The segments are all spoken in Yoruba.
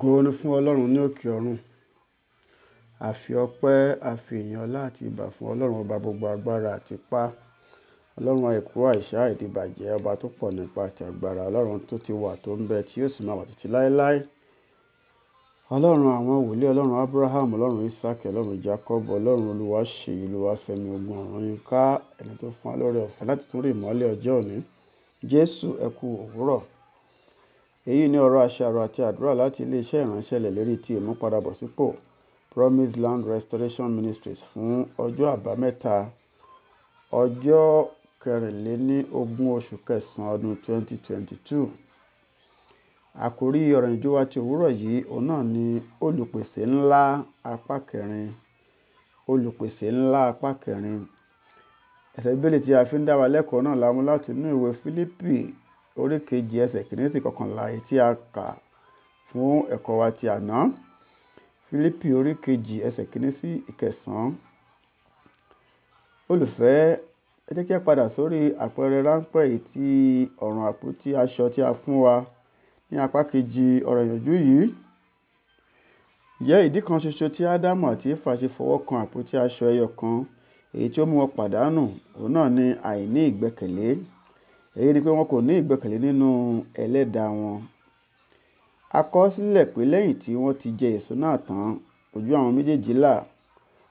Ògo ni fún Ọlọ́run ní òkè ọ̀run. A fi ọpẹ́, a fi ìyìn ọlá àti ìbà fún Ọlọ́run ọba gbogbo agbára àti ipá. Ọlọ́run àìkú àìsà àìdíbàjẹ́, ọba tó pọ̀ nípa àti agbára, Ọlọ́run tó ti wà tó ń bẹ tí yóò sì máa wà títí láéláé. Ọlọ́run àwọn wòlíì, Ọlọ́run Abraham, Ọlọ́run Isaac, Ọlọ́run Jacob, Ọlọ́run Olúwaṣeyì, Olúwafẹ́mi, ogun ọ̀run yínká, ẹni tó fún wa lórí ọ̀fẹ́ láti tún rí ìmọ́lẹ̀ ọjọ́ òní. Jésù ẹ òwúrọ̀ èyí ni ọ̀rọ̀ àṣàrò àti àdúrà láti iléeṣẹ́ ìránṣẹ́lẹ̀ lérí ti ìmúpadàbọ̀sípò promise land restoration ministries fún ọjọ́ àbámẹ́ta ọjọ́ kẹrìnléníogún oṣù kẹsàn-án ọdún 2022 àkòrí ọ̀rọ̀ ìjọ wa ti òwúrọ̀ yìí òun náà ni olùpèsè ńlá apá kẹrin olùpèsè ńlá apá kẹrin ẹsẹ̀ bíbélì tí a fi ń dá wa lẹ́kọ̀ọ́ náà la láti inú ìwé fílípì orí kejì ẹsẹ̀ kìíní sí kọkànlá èyí tí a kà fún ẹ̀kọ́ wa ti àná Fílípì orí kejì ẹsẹ̀ kìíní sí ìkẹsàn-án olùfẹ́ ẹ jẹ́ kí a padà sórí àpẹẹrẹ ráńpẹ́ èyí tí ọ̀ràn àpótí aṣọ tí a fún wa ní apá kejì ọ̀rọ̀ ìyànjú yìí jẹ́ ìdí kan ṣoṣo tí ádámù àti éfà ṣe fọwọ́ kan àpótí aṣọ ẹyọ kan èyí tí ó mú wọn pàdánù òun náà ni àìní ìgbẹ́kẹ̀lé èyí ni pé wọn kò ní ìgbẹ́kẹ̀lé nínú ẹlẹ́dàá wọn a kọ ọ́ sílẹ̀ pé lẹ́yìn tí wọ́n ti jẹ èso náà tán ojú àwọn méjèèjì là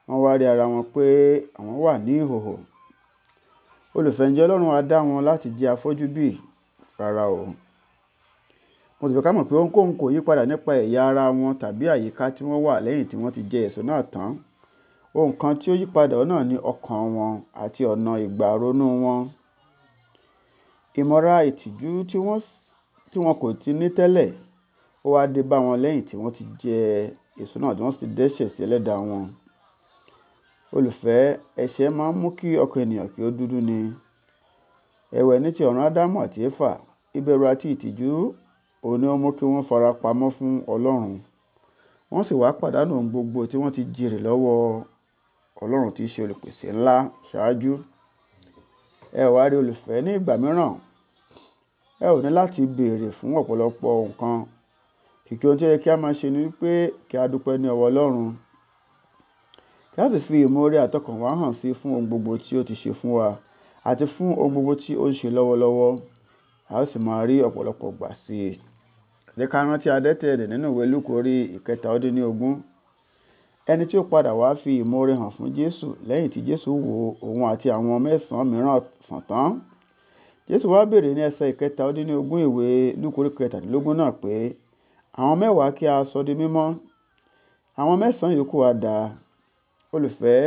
wọ́n wá rí ara wọn pé àwọn wà ní ìhòhò olùfẹ́ ǹjẹ́ ọlọ́run á dá wọn láti jẹ́ afọ́jú bí rárá o mo sì fẹ́ ká mọ̀ pé ohunkóhun kò yí padà nípa ẹ̀yà ara wọn tàbí àyíká tí wọ́n wà lẹ́yìn tí wọ́n ti jẹ èso náà tán ohun kan tí ó yí padà náà ni ọkàn wọn àti ọ̀nà ìgbà ronú wọn ìmọ̀ra ìtìjú tí wọ́n tí wọn kò ti ní tẹ́lẹ̀ ó wá dé bá wọn lẹ́yìn tí wọ́n ti jẹ èso náà tí wọ́n sì dẹ́ṣẹ̀ sí ẹlẹ́dàá wọn. olùfẹ́ ẹ̀ṣẹ̀ máa ń mú kí ọkàn ènìyàn kí ó dúdú ni ẹ̀wẹ̀ ní ti ọ̀run ádámù àti éfà ìbẹ̀rù àti ìtìjú òun ni ó mú kí wọ́n fara pamọ́ fún ọlọ́run wọ́n sì wá pàdánù ohun gbogbo tí wọ́n ti jèrè lọ́wọ́ ọlọ́run tí í ṣe olùpèsè ńlá ṣáájú ẹ ò wá rí olùfẹ́ ní ìgbà mìíràn ẹ ò ní láti béèrè fún ọ̀pọ̀lọpọ̀ nǹkan. Kìkì ohun tí ó yẹ kí a máa ṣe ni wípé kí a dúpẹ́ ní ọwọ́ Ọlọ́run, kí a sì fi ìmoore àtọkànwá hàn sí fún ohun gbogbo tí ó ti ṣe fún wa àti fún ohun gbogbo tí ó ń ṣe lọ́wọ́lọ́wọ́. A ó sì máa rí ọ̀pọ̀lọpọ̀ ìgbà sí i. Ẹ jẹ́ ká rántí adẹ́tẹ̀ rẹ̀ nínú ìwé Lúùkù orí ìkẹta ọdún ní ogún ẹni tí ó padà wá fi ìmoore hàn fún Jésù lẹ́yìn tí Jésù wo òun àti àwọn mẹ́sàn-án mìíràn sàn tán. Jésù wá béèrè ní ẹsẹ̀ ìkẹta ó dín ní ogún ìwé Lúùkù orí kẹtàdínlógún náà pé àwọn mẹ́wàá kí a sọ di mímọ́ àwọn mẹ́sàn-án yòókù á dà olùfẹ́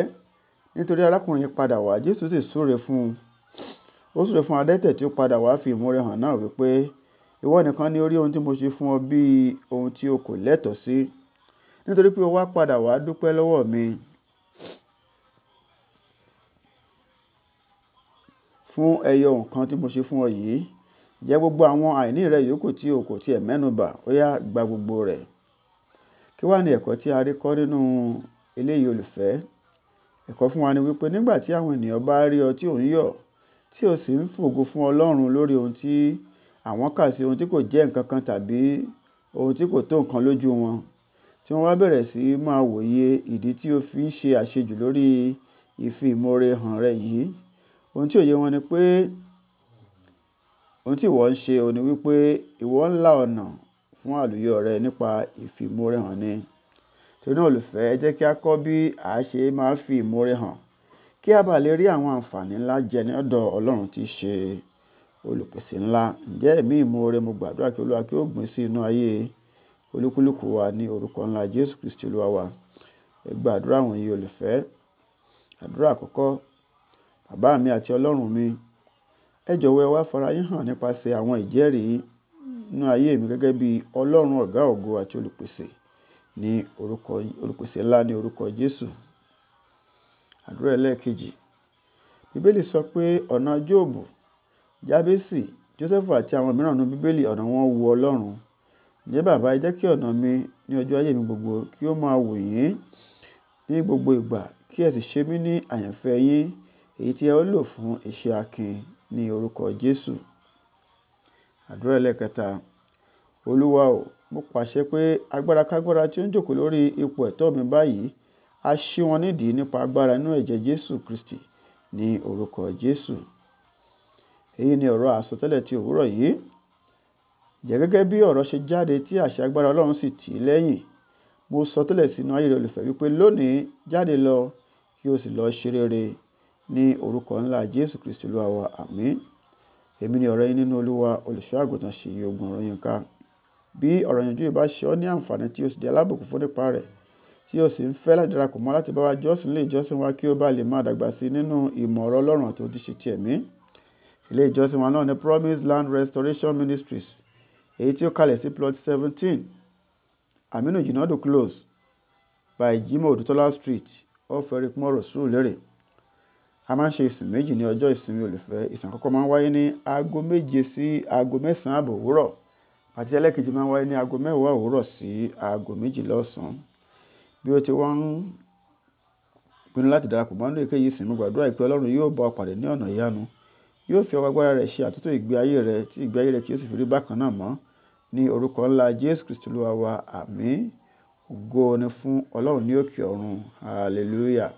nítorí arákùnrin padà wá Jésù sì súre fún un ó súre fún adẹ́tẹ̀ tí ó padà wá fi ìmoore hàn náà wípé ìwọ nìkan ni ó rí ohun tí mo ṣe fún ọ bí ohun tí o kò lẹ́tọ̀ọ́ sí nítorí pé o wá padà wá dúpẹ́ lọ́wọ́ mi fún ẹyọ nǹkan tí mo ṣe fún ọ yìí. Jẹ gbogbo àwọn àìní rẹ yòókù tí o kò ti è mẹ́nubà, ó yá gba gbogbo rẹ̀. Kí wà ní ẹ̀kọ́ tí a rí kọ́ nínú eléyìí olùfẹ́? Ẹ̀kọ́ fún wa ni wípé nígbà tí àwọn ènìyàn bá rí ọ tí ò ń yọ̀, tí o sì ń fògo fún Ọlọ́run lórí ohun tí àwọn kà sí ohun tí kò jẹ́ nǹkan kan tàbí ohun tí kò tó nǹkan lójú wọn tí wọ́n bá bẹ̀rẹ̀ sí máa wòye ìdí tí o fi ń ṣe àṣejù lórí ìfi ìmoore hàn rẹ yìí, ohun tí òye wọn ni pé ohun tí ìwọ ń ṣe òun ní wípé ìwọ ń lá ọ̀nà fún àlùyọ rẹ nípa ìfi hàn ni. Torí náà olùfẹ́, jẹ́ kí a kọ́ bí a ṣe máa ń fi ìmoore hàn kí a bá lè rí àwọn àǹfààní ńlá jẹ ní ọ̀dọ̀ Ọlọ́run tí í ṣe olùpèsè ńlá. Ǹjẹ́ ẹ̀mí ìmoore, mo gbàdúrà kí Olúwa kí ó gbìn sí inú ayé. E olúkúlùkù wa ní orúkọ ńlá Jésù Kristi Olúwa wa. Ẹ gba àdúrà wọ̀nyí olùfẹ́. Àdúrà àkọ́kọ́. Bàbá mi àti Ọlọ́run mi, ẹ jọ̀wọ́ ẹ wá farayín hàn nípasẹ̀ àwọn ìjẹ́rìí nínú ayé mi gẹ́gẹ́ bí Ọlọ́run ọ̀gá ògo àti olùpèsè ní orúkọ, olùpèsè ńlá ní orúkọ Jésù. Àdúrà ẹlẹ́ẹ̀kejì. Bíbélì sọ pé ọ̀nà Jóòbù, Jábésì, Jósẹ́fù àti àwọn mìíràn nínú Bíbélì ọ̀nà wọn wu Ọlọ́run. Ǹjẹ́ Baba, ẹ jẹ́ kí ọ̀nà mi ní ọjọ́ ayé mi gbogbo kí ó máa wù yín ní gbogbo ìgbà kí ẹ sì ṣe mí ní àyànfẹ́ yín, èyí tí ẹ ó lò fún iṣẹ́ akin ní orúkọ Jésù. Àdúrà ẹlẹ́ẹ̀kẹta. Olúwa o, mo pàṣẹ pé agbára kágbára tí ó ń jókòó lórí ipò ẹ̀tọ́ mi báyìí, a ṣí wọn nídìí nípa agbára inú ẹ̀jẹ̀ Jésù Kristi ní orúkọ Jésù. Èyí ni ọ̀rọ̀ àsọtẹ́lẹ̀ ti òwúrọ̀ yìí. Ǹjẹ́ gẹ́gẹ́ bí ọ̀rọ̀ ṣe jáde tí àṣẹ agbára Ọlọ́run sì tì í lẹ́yìn, mo sọ tẹ́lẹ̀ sínú ayé rẹ olùfẹ́ wípé lónìí jáde lọ kí o sì lọ ṣe rere ní orúkọ ńlá Jésù Kristi Olúwa wa. Àmín. Èmi ni ọ̀rẹ́ yín nínú Olúwa, olùṣọ́ àgùntàn Ṣèyí Ogun ọ̀rọ̀ yín ká. Bí ọ̀rọ̀ yànjú yìí bá ṣe ọ́ ní àǹfààní tí o sì di alábùkún fún nípa rẹ̀, tí o sì ń fẹ́ láti darapọ̀ mọ́ láti bá wa jọ́sìn ilé ìjọsìn wa kí o bá lè máa dàgbà sí nínú ìmọ̀ ọ̀rọ̀ Ọlọ́run àti ojúṣe ti Ilé ìjọsìn wa náà ni Promise Land Restoration Ministries èyí tí ó kalẹ̀ sí plot seventeen aminu jinadu close by jimoh odutola street off erickmore road surulere a máa ń ṣe ìsìn méjì ní ọjọ́ ìsinmi olùfẹ́ ìsìn àkọ́kọ́ máa ń wáyé ní aago méje sí aago mẹ́sàn-án àbọ̀ òwúrọ̀ àti ẹlẹ́kejì máa ń wáyé ní aago mẹ́wàá òwúrọ̀ sí aago méjìlá ọ̀sán bí ó ti wá ń pinnu láti darapọ̀ mọ́ nínú èkéyìí ìsìn mi gbàdúrà ìpè ọlọ́run yóò bá ọ pàdé ní ọ̀nà ìyanu yóò fi ọwọ́ agbára rẹ̀ ṣe àtúntò ìgbé ayé rẹ̀ tí ìgbé ayé rẹ̀ kì yóò sì fi rí bákan náà mọ́ Ní orúkọ ńlá Jésù Kristi Olúwa wa, àmín. Ògo ni fún Ọlọ́run ní òkè ọ̀run. Hallelujah.